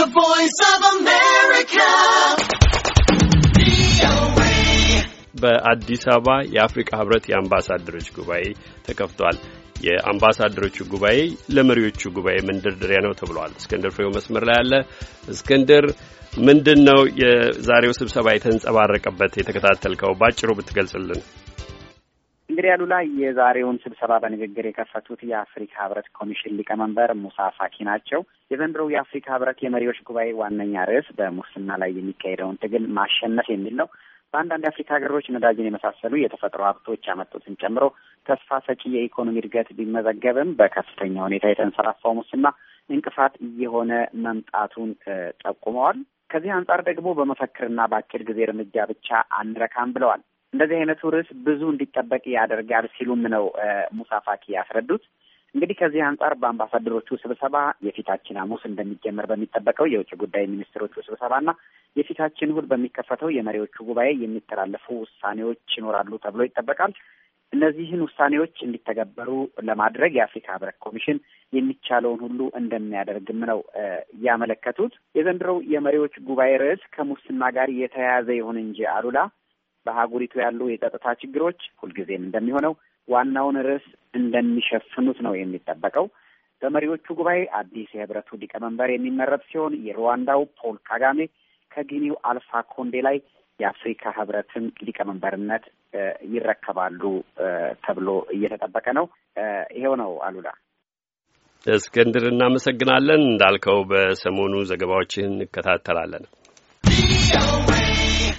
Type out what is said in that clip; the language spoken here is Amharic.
The Voice of America. በአዲስ አበባ የአፍሪካ ህብረት የአምባሳደሮች ጉባኤ ተከፍቷል። የአምባሳደሮቹ ጉባኤ ለመሪዎቹ ጉባኤ መንደርደሪያ ነው ተብሏል። እስክንድር ፍሬው መስመር ላይ አለ። እስክንድር ምንድን ነው የዛሬው ስብሰባ የተንጸባረቀበት የተከታተልከው? ባጭሩ ብትገልጽልን። እንግዲህ አሉላ የዛሬውን ስብሰባ በንግግር የከፈቱት የአፍሪካ ህብረት ኮሚሽን ሊቀመንበር ሙሳ ፋኪ ናቸው። የዘንድሮው የአፍሪካ ህብረት የመሪዎች ጉባኤ ዋነኛ ርዕስ በሙስና ላይ የሚካሄደውን ትግል ማሸነፍ የሚል ነው። በአንዳንድ የአፍሪካ ሀገሮች ነዳጅን የመሳሰሉ የተፈጥሮ ሀብቶች ያመጡትን ጨምሮ ተስፋ ሰጪ የኢኮኖሚ እድገት ቢመዘገብም በከፍተኛ ሁኔታ የተንሰራፋው ሙስና እንቅፋት እየሆነ መምጣቱን ጠቁመዋል። ከዚህ አንጻር ደግሞ በመፈክርና በአጭር ጊዜ እርምጃ ብቻ አንረካም ብለዋል። እንደዚህ አይነቱ ርዕስ ብዙ እንዲጠበቅ ያደርጋል ሲሉም ነው ሙሳ ፋኪ ያስረዱት። እንግዲህ ከዚህ አንጻር በአምባሳደሮቹ ስብሰባ የፊታችን ሐሙስ እንደሚጀመር በሚጠበቀው የውጭ ጉዳይ ሚኒስትሮቹ ስብሰባና የፊታችን እሑድ በሚከፈተው የመሪዎቹ ጉባኤ የሚተላለፉ ውሳኔዎች ይኖራሉ ተብሎ ይጠበቃል። እነዚህን ውሳኔዎች እንዲተገበሩ ለማድረግ የአፍሪካ ህብረት ኮሚሽን የሚቻለውን ሁሉ እንደሚያደርግም ነው ያመለከቱት። የዘንድሮው የመሪዎች ጉባኤ ርዕስ ከሙስና ጋር የተያያዘ ይሁን እንጂ አሉላ በሀገሪቱ ያሉ የጸጥታ ችግሮች ሁልጊዜም እንደሚሆነው ዋናውን ርዕስ እንደሚሸፍኑት ነው የሚጠበቀው። በመሪዎቹ ጉባኤ አዲስ የህብረቱ ሊቀመንበር የሚመረጥ ሲሆን የሩዋንዳው ፖል ካጋሜ ከጊኒው አልፋ ኮንዴ ላይ የአፍሪካ ህብረትን ሊቀመንበርነት ይረከባሉ ተብሎ እየተጠበቀ ነው። ይሄው ነው አሉላ። እስክንድር እናመሰግናለን። እንዳልከው በሰሞኑ ዘገባዎችን እንከታተላለን።